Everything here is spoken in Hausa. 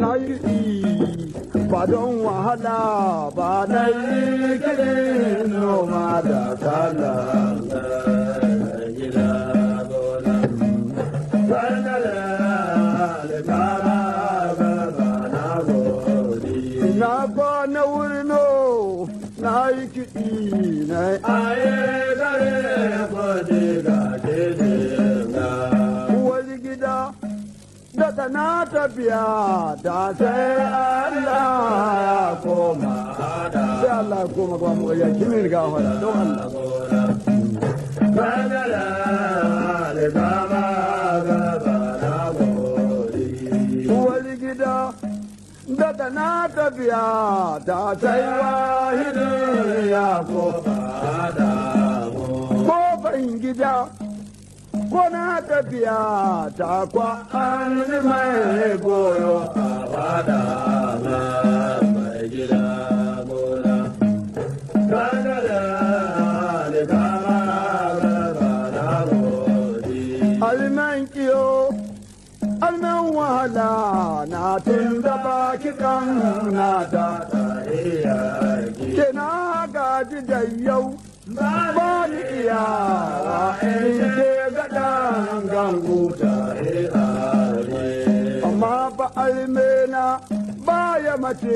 na yi ba don wahala ba na yi kere noma da kala na ba na wurno na yi kiɗi daga na tafiya da sai Allah ya koma sai Allah ya koma ba mu ya kimi ga wala don Allah bagala le baba gaba na gori wali gida daga na tafiya da sai wahidi ya koma da kofan gida gona tafiya ta kwa an mai goyo a fada na mai gida gona. Alman kiyo, alman wahala na tun da baki kan na ta na gaji da yau, ba ni iya huta amma ba aimena ba ya mace